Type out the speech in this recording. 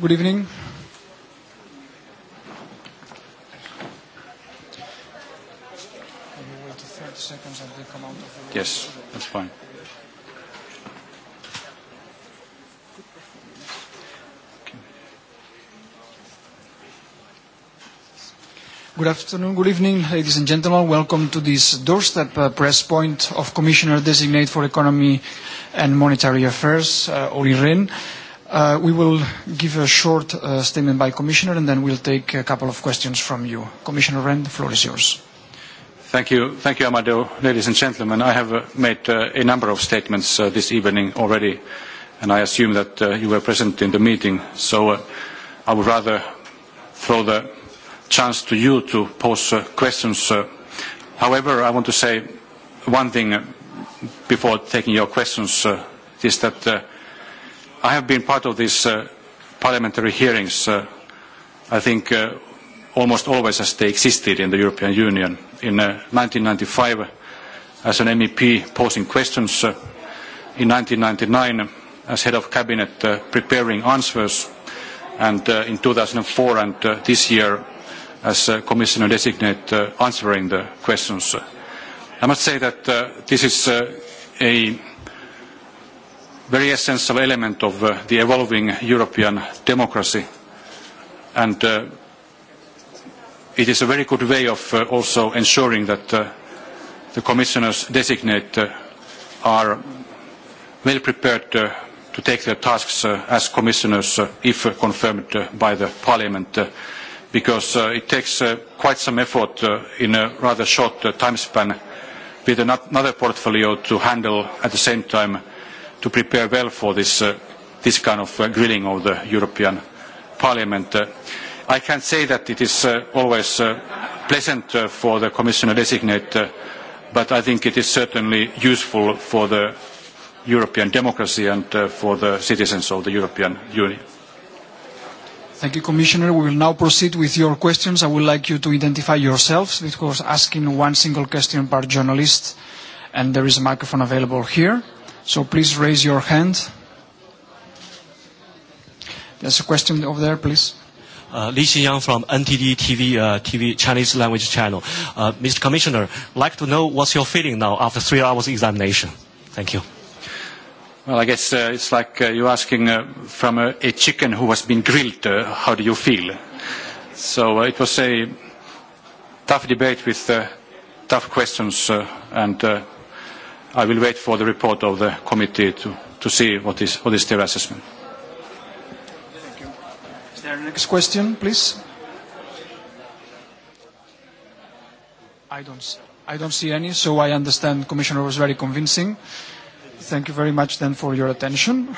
Good evening. Yes, that's fine. Good afternoon, good evening, ladies and gentlemen. Welcome to this doorstep press point of Commissioner Designate for Economy and Monetary Affairs, Oli Rehn. We will give a short statement by Commissioner and then we'll take a couple of questions from you. Commissioner Rehn, the floor is yours. Thank you, thank you, Amado. Ladies and gentlemen, I have made a number of statements this evening already, and I assume that you were present in the meeting, so I would rather throw the chance to you to pose questions. However, I want to say one thing before taking your questions is that I have been part of these parliamentary hearings, I think, almost always as they existed in the European Union. In 1995, as an MEP posing questions, in 1999 as head of cabinet preparing answers, and in 2004 and this year as Commissioner designate answering the questions. I must say that this is a very essential element of the evolving European democracy and it is a very good way of also ensuring that the commissioners designate are well prepared to take their tasks as commissioners if confirmed by the parliament because it takes quite some effort in a rather short time span with another portfolio to handle at the same time to prepare well for this kind of grilling of the European Parliament. I can say that it is always pleasant for the Commissioner-designate, but I think it is certainly useful for the European democracy and for the citizens of the European Union. Thank you, Commissioner. We will now proceed with your questions. I would like you to identify yourselves because asking one single question per journalist, and there is a microphone available here. So please raise your hand. There's a question over there, please. Li Xinyang from NTD TV Chinese language channel. Mr. Commissioner, like to know what's your feeling now after three hours examination. Thank you. Well, I guess it's like you asking from a chicken who has been grilled, how do you feel? So it was a tough debate with tough questions, and I will wait for the report of the committee to see what is what is their assessment. Thank you. Is there a next question, please? I don't I don't see any, so I understand Commissioner was very convincing. Thank you very much then for your attention.